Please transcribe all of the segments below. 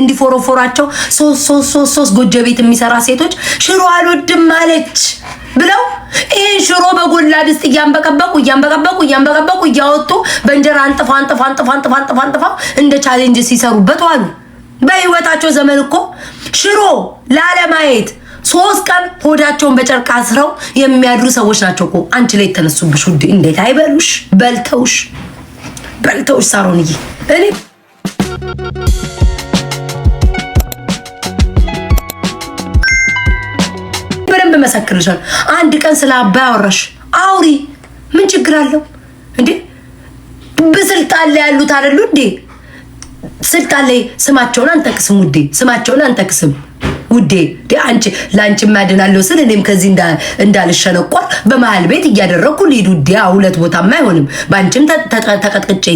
እንዲፎረፎራቸው ሶስት ሶስት ሶስት ሶስት ጎጆ ቤት የሚሰራ ሴቶች ሽሮ አልወድም አለች ብለው ይህን ሽሮ በጎላ ድስት እያንበቀበቁ እያንበቀበቁ እያንበቀበቁ እያወጡ በእንጀራ አንጥፋ አንጥፋ አንጥፋ አንጥፋ አንጥፋ አንጥፋ እንደ ቻሌንጅ ሲሰሩበት ዋሉ። በህይወታቸው ዘመን እኮ ሽሮ ላለማየት ሶስት ቀን ሆዳቸውን በጨርቅ አስረው የሚያድሩ ሰዎች ናቸው እኮ አንቺ ላይ የተነሱብሽ። ውድ እንዴት አይበሉሽ? በልተውሽ በልተውሽ ሳሮንዬ እኔ ይመሰክርሻል። አንድ ቀን ስለ አባይ አወራሽ አውሪ፣ ምን ችግር አለው እንዴ? በስልጣን ላይ ያሉት አይደሉ እንዴ? ስልጣን ላይ ስማቸውን አንጠቅስም ውዴ፣ ስማቸውን አንጠቅስም ውዴ። አንቺ ለአንቺ ማድናለሁ ስል እኔም ከዚህ እንዳልሸነቆር በመሀል ቤት እያደረግኩ ልሂድ ውዴ። ሁለት ቦታማ አይሆንም። በአንቺም ተቀጥቅጬ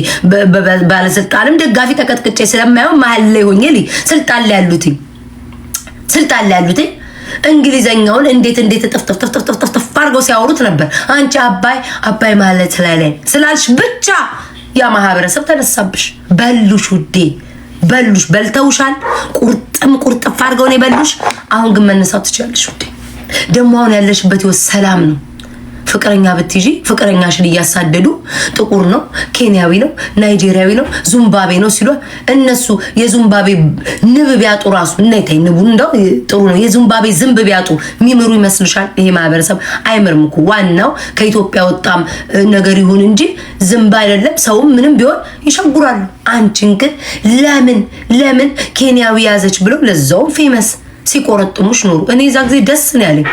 ባለስልጣንም ደጋፊ ተቀጥቅጬ ስለማይሆን መሀል ላይ ሆኜ ስልጣን ላይ ያሉት ስልጣን ላይ ያሉትኝ እንግሊዘኛውን እንዴት እንዴት ጥፍጥፍጥፍጥፍ አድርገው ሲያወሩት ነበር። አንቺ አባይ አባይ ማለት ስላለ ስላልሽ ብቻ ያ ማህበረሰብ ተነሳብሽ። በሉሽ ውዴ በሉሽ፣ በልተውሻል። ቁርጥም ቁርጥፍ ነው የበሉሽ። አሁን ግን መነሳት ትችላለሽ ውዴ። ደግሞ አሁን ያለሽበት ህይወት ሰላም ነው። ፍቅረኛ ብትይዢ ፍቅረኛሽን እያሳደዱ ጥቁር ነው፣ ኬንያዊ ነው፣ ናይጄሪያዊ ነው፣ ዙምባቤ ነው ሲሏ እነሱ የዙምባቤ ንብ ቢያጡ ራሱ እናይታይ ንቡ እንደው ጥሩ ነው። የዙምባቤ ዝንብ ቢያጡ የሚምሩ ይመስልሻል? ይሄ ማህበረሰብ አይምርም እኮ ዋናው ከኢትዮጵያ ወጣም ነገር ይሁን እንጂ ዝንብ አይደለም። ሰውም ምንም ቢሆን ይሸጉራሉ። አንቺን ግን ለምን ለምን ኬንያዊ ያዘች ብለው ለዛውም ፌመስ ሲቆረጥሙሽ ኖሩ። እኔ ዛ ጊዜ ደስ ነው ያለኝ።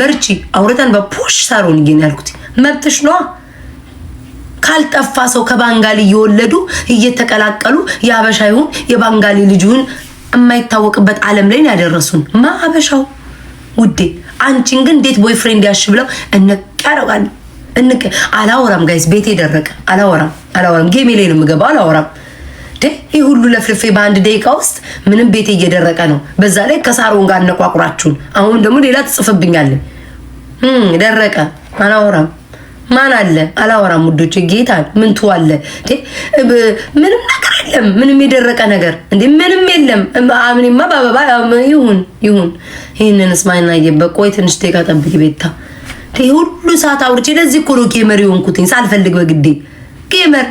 በርቺ አውርተን በፑሽ ሳሮን ግን ያልኩት መብትሽ ነዋ። ካልጠፋ ሰው ከባንጋሊ እየወለዱ እየተቀላቀሉ የአበሻ ይሁን የባንጋሊ ልጅሁን የማይታወቅበት ዓለም ላይ ያደረሱን ማ አበሻው ውዴ። አንቺን ግን እንዴት ቦይፍሬንድ ያሽ ብለው እንቀረቃል እንቅ አላወራም። ጋይስ ቤቴ ደረቀ። አላወራም አላወራም። ጌሜ ላይ ነው የምገባው። አላወራም ይህ ሁሉ ለፍልፌ በአንድ ደቂቃ ውስጥ ምንም ቤቴ እየደረቀ ነው። በዛ ላይ ከሳሮን ጋር አነቋቁራችሁን። አሁን ደግሞ ሌላ ትጽፍብኛለን። ደረቀ አላወራም። ማን አለ አላወራም። ውዶች ጌታ ምን ትዋለ? ምንም ነገር የለም። ምንም የደረቀ ነገር እንዴ ምንም የለም። አምኒማ በአበባ ይሁን ይሁን። ይህንን ስማይና የበቆይ ትንሽ ደቂቃ ጠብቂ ቤታ። ሁሉ ሰዓት አውርቼ ለዚህ እኮ ነው ጌመር የሆንኩትኝ ሳልፈልግ በግዴ ጌመር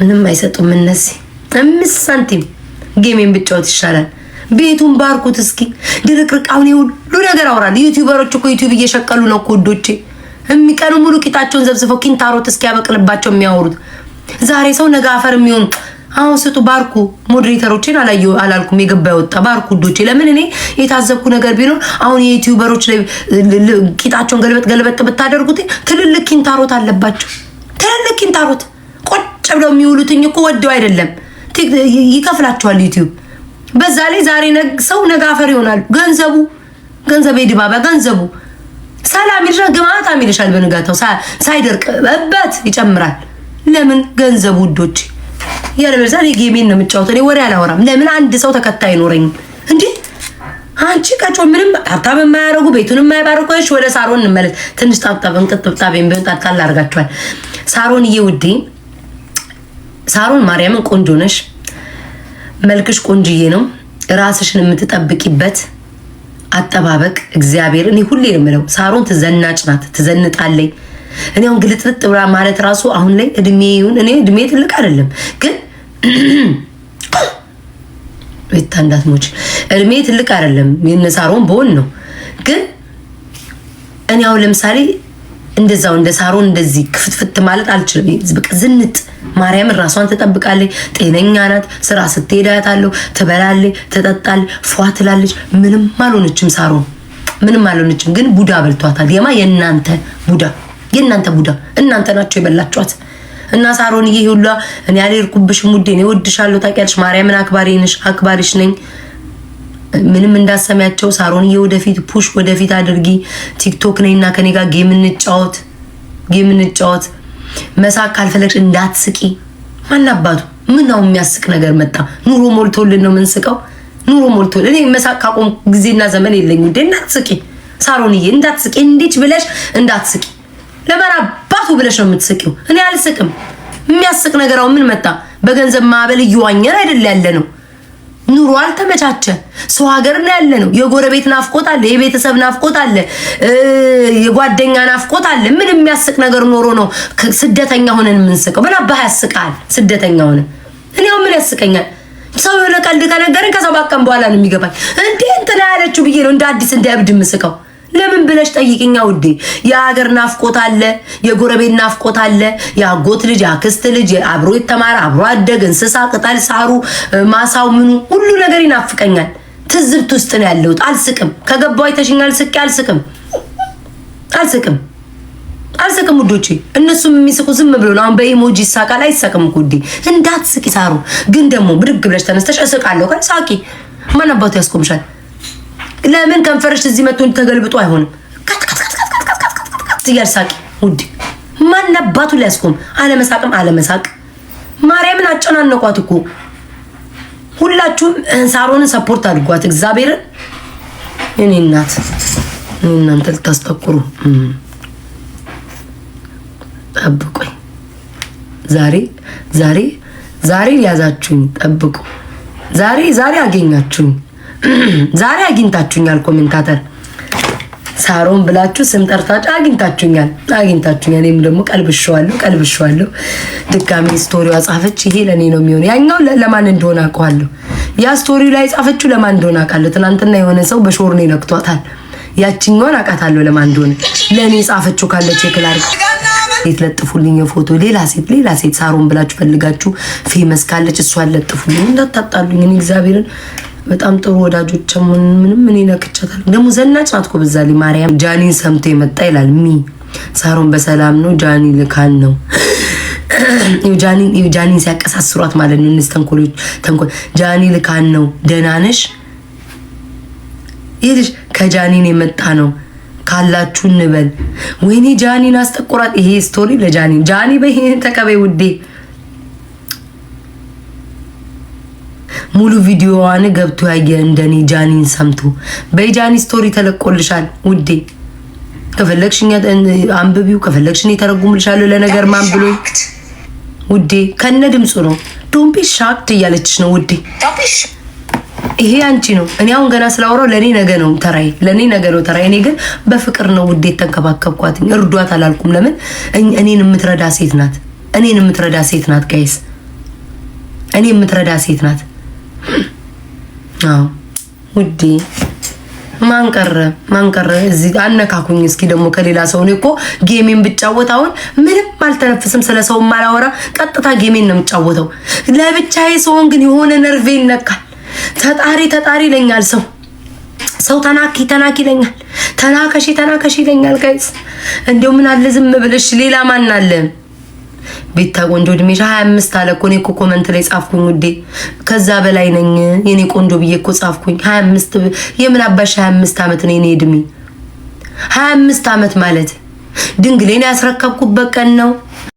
ምንም አይሰጡም እነዚህ አምስት ሳንቲም። ጌሜን ብጫወት ይሻላል። ቤቱን ባርኩት እስኪ ድርቅርቃውን ሁሉ ነገር አውራል። ዩቲዩበሮች እኮ ዩቲዩብ እየሸቀሉ ነው ኮዶቼ የሚቀኑ ሙሉ ቂጣቸውን ዘብዝፈው ኪንታሮት እስኪያበቅልባቸው የሚያወሩት ዛሬ ሰው ነገ አፈር የሚሆን አሁን ስጡ ባርኩ። ሞዴሬተሮችን አላየ አላልኩም፣ የገባ የወጣ ባርኩ ዶቼ። ለምን እኔ የታዘብኩ ነገር ቢኖር አሁን የዩቲዩበሮች ቂጣቸውን ገልበጥ ገልበጥ ብታደርጉት ትልልቅ ኪንታሮት አለባቸው። ትልልቅ ኪንታሮት ቁጭ ብለው የሚውሉትኝ እኮ ወደው አይደለም፣ ይከፍላቸዋል ዩቲዩብ። በዛ ላይ ዛሬ ሰው ነገ አፈር ይሆናሉ። ገንዘቡ ገንዘብ የድባባ ገንዘቡ ሰላም ይልሻል፣ ግማታም ይልሻል። በንጋታው ሳይደርቅበት ይጨምራል። ለምን ገንዘቡ ውዶች ያለበዛ ጌሜን ነው የምጫወተው። እኔ ወሬ አላወራም። ለምን አንድ ሰው ተከታይ ኖረኝ እንዴ? አንቺ ቀጮ ምንም ሀብታም የማያደርጉ ቤቱን የማይባርኩ ወደ ሳሮን እንመለስ። ትንሽ ጣብጣብ እንቅጥብጣብ ቢሆን ጣጣ ላርጋችኋል። ሳሮንዬ ውዴ ሳሮን ማርያምን ቆንጆ ነሽ፣ መልክሽ ቆንጅዬ ነው። ራስሽን የምትጠብቂበት አጠባበቅ እግዚአብሔር እኔ ሁሌ የምለው ሳሮን ትዘናጭ ናት፣ ትዘንጣለይ። እኔ አሁን ግልጥልጥ ብላ ማለት ራሱ አሁን ላይ ይሁን እኔ እድሜ ትልቅ አይደለም ግን ቤታ እንዳትሞች እድሜ ትልቅ አይደለም። ሳሮን በሆን ነው ግን እኔ አሁን ለምሳሌ እንደዛው እንደ ሳሮን እንደዚህ ክፍትፍት ማለት አልችልም። በቃ ዝንጥ ማርያምን ራሷን ትጠብቃለች። ጤነኛ ናት። ስራ ስትሄድ አያታለሁ። ትበላለች፣ ትጠጣለች፣ ፏ ትላለች። ምንም አልሆነችም። ሳሮን ምንም አልሆነችም። ግን ቡዳ በልቷታል። የማ የእናንተ ቡዳ የእናንተ ቡዳ እናንተ ናቸው የበላችኋት። እና ሳሮንዬ ሁላ እኔ ያልሄድኩብሽም ውዴ፣ እኔ እወድሻለሁ። ታውቂያለሽ፣ ማርያምን አክባሪ ነሽ፣ አክባሪሽ ነኝ። ምንም እንዳሰሚያቸው ሳሮንዬ፣ ወደፊት ፑሽ ወደፊት አድርጊ፣ ቲክቶክ ነኝ እና ከኔ ጋር ጌም እንጫወት፣ ጌም እንጫወት። መሳቅ ካልፈለግሽ እንዳትስቂ። ማናባቱ ምን ነው የሚያስቅ ነገር መጣ? ኑሮ ሞልቶልን ነው የምንስቀው። ኑሮ ሞልቶልን እኔ መሳቅ ካቆም ጊዜና ዘመን የለኝ። እንዴ እንዳትስቂ ሳሮንዬ፣ እንዳትስቂ። እንዴች ብለሽ እንዳትስቂ። ለመራባቱ ብለሽ ነው የምትስቂው። እኔ አልስቅም። የሚያስቅ ነገር አሁን ምን መጣ? በገንዘብ ማዕበል እየዋኘን አይደል ያለ ነው ኑሮ አልተመቻቸ። ሰው ሀገር ነው ያለ ነው። የጎረቤት ናፍቆት አለ፣ የቤተሰብ ናፍቆት አለ፣ የጓደኛ ናፍቆት አለ። ምን የሚያስቅ ነገር ኖሮ ነው ስደተኛ ሆነን የምንስቀው? ምን አባህ ያስቃል ስደተኛ ሆነ እኔው ምን ያስቀኛል? ሰው የሆነ ቀልድ ከነገረን ከሰው ቀን በኋላ ነው የሚገባኝ። እንዴ እንትና ያለችው ብዬ ነው እንደ አዲስ እንደ እብድ የምስቀው። ለምን ብለሽ ጠይቅኛ ውዴ። የሀገር ናፍቆት አለ፣ የጎረቤት ናፍቆት አለ። የአጎት ልጅ፣ የአክስት ልጅ፣ አብሮ የተማረ አብሮ አደግ፣ እንስሳ፣ ቅጠል፣ ሳሩ፣ ማሳው፣ ምኑ ሁሉ ነገር ይናፍቀኛል። ትዝብት ውስጥ ነው ያለሁት። አልስቅም። ከገባው አይተሽኝ አልስቄ አልስቅም፣ አልስቅም፣ አልስቅም ውዶቼ። እነሱም የሚስቁ ዝም ብሎ ነው። አሁን በኢሞጂ ይሳቃል። አይሳቅም እኮ ውዴ። እንዳትስቂ ሳሩ። ግን ደግሞ ብድግ ብለሽ ተነስተሽ እስቃለሁ ሳቂ። ማን አባቱ ያስቆምሻል? ለምን ከንፈርሽ እዚህ መቶ ተገልብጦ አይሆንም? እያል ሳቂ ውድ ማን አባቱ ሊያስቆም አለመሳቅም አለመሳቅ ማርያምን አጨናነቋት እኮ ሁላችሁም ሳሮንን ሰፖርት አድርጓት እግዚአብሔርን እኔ እናት እኔ እናንተ ልታስጠቁሩ ጠብቁኝ ዛሬ ዛሬ ዛሬ ያዛችሁኝ ጠብቁ ዛሬ ዛሬ አገኛችሁኝ ዛሬ አግኝታችሁኛል። ኮሜንታተር ሳሮን ብላችሁ ስም ጠርታችሁ አግኝታችሁኛል፣ አግኝታችሁኛል። እኔም ደግሞ ቀልብሸዋለሁ፣ ቀልብሸዋለሁ። ድጋሚ ስቶሪዋ ጻፈች። ይሄ ለእኔ ነው የሚሆነው። ያኛው ለማን እንደሆነ አውቀዋለሁ። ያ ስቶሪ ላይ ጻፈችው ለማን እንደሆነ አውቃለሁ። ትናንትና የሆነ ሰው በሾር ነው ነክቷታል። ያችኛውን አውቃታለሁ ለማን እንደሆነ። ለእኔ ጻፈችው ካለች የክላር ሴት ለጥፉልኝ፣ የፎቶ ሌላ ሴት ሌላ ሴት ሳሮን ብላችሁ ፈልጋችሁ ፌመስ ካለች እሷን ለጥፉልኝ፣ እንዳታጣሉኝ እኔ እግዚአብሔርን በጣም ጥሩ ወዳጆች ምንም እኔ ነክቻታለሁ። ደግሞ ዘናጭ ናት እኮ በዛ ላይ ማርያም ጃኒን ሰምቶ የመጣ ይላል ሚ ሳሮን በሰላም ነው ጃኒ ልካን ነው ጃኒን ሲያቀሳስሯት ማለት ነው። እነዚህ ተንኮሎች ተንኮል ጃኒ ልካን ነው ደህና ነሽ ይልሽ ከጃኒን የመጣ ነው ካላችሁ እንበል። ወይኔ ጃኒን አስጠቁራት። ይሄ ስቶሪ ለጃኒን ጃኒ በይሄን ተቀበይ ውዴ ሙሉ ቪዲዮዋን ገብቶ ያየ እንደኔ ጃኒን ሰምቶ በጃኒ ስቶሪ ተለቆልሻል ውዴ። ከፈለግሽ አንብቢው፣ ከፈለግሽኝ እኔ ተረጉምልሻለሁ። ለነገር ማን ብሎ ውዴ ከነ ድምፁ ነው። ዶንቢ ሻክት እያለችች እያለችሽ ነው ውዴ። ይሄ አንቺ ነው። እኔ አሁን ገና ስላወራው ለእኔ ነገ ነው ተራይ፣ ለእኔ ነገ ነው ተራይ። እኔ ግን በፍቅር ነው ውዴ ተንከባከብኳትኝ። እርዷት አላልኩም። ለምን እኔን የምትረዳ ሴት ናት። እኔን የምትረዳ ሴት ናት ጋይስ፣ እኔ የምትረዳ ሴት ናት። አዎ ውዴ ማንቀረ ማንቀረ እዚህ አነካኩኝ። እስኪ ደግሞ ከሌላ ሰው እኔ እኮ ጌሜን ብጫወት አሁን ምንም አልተነፍስም፣ ስለ ሰው ማላወራ፣ ቀጥታ ጌሜን ነው የምጫወተው። ለብቻዬ ሰውን ግን የሆነ ነርቬ ይነካል። ተጣሪ ተጣሪ ይለኛል ሰው ሰው ተናኪ ተናኪ ይለኛል። ተናከሺ ተናከሺ ይለኛል። ጋይስ እንደው ምን አለ ዝም ብለሽ ሌላ ማን አለ? ቤታ ቆንጆ እድሜሽ ሀያ አምስት አለ እኮ እኔ እኮ ኮመንት ላይ ጻፍኩኝ ውዴ፣ ከዛ በላይ ነኝ የኔ ቆንጆ ብዬ እኮ ጻፍኩኝ። ሀያ አምስት የምን አባሽ ሀያ አምስት ዓመት ነው የኔ እድሜ ሀያ አምስት ዓመት ማለት ድንግሌን ያስረከብኩበት ቀን ነው።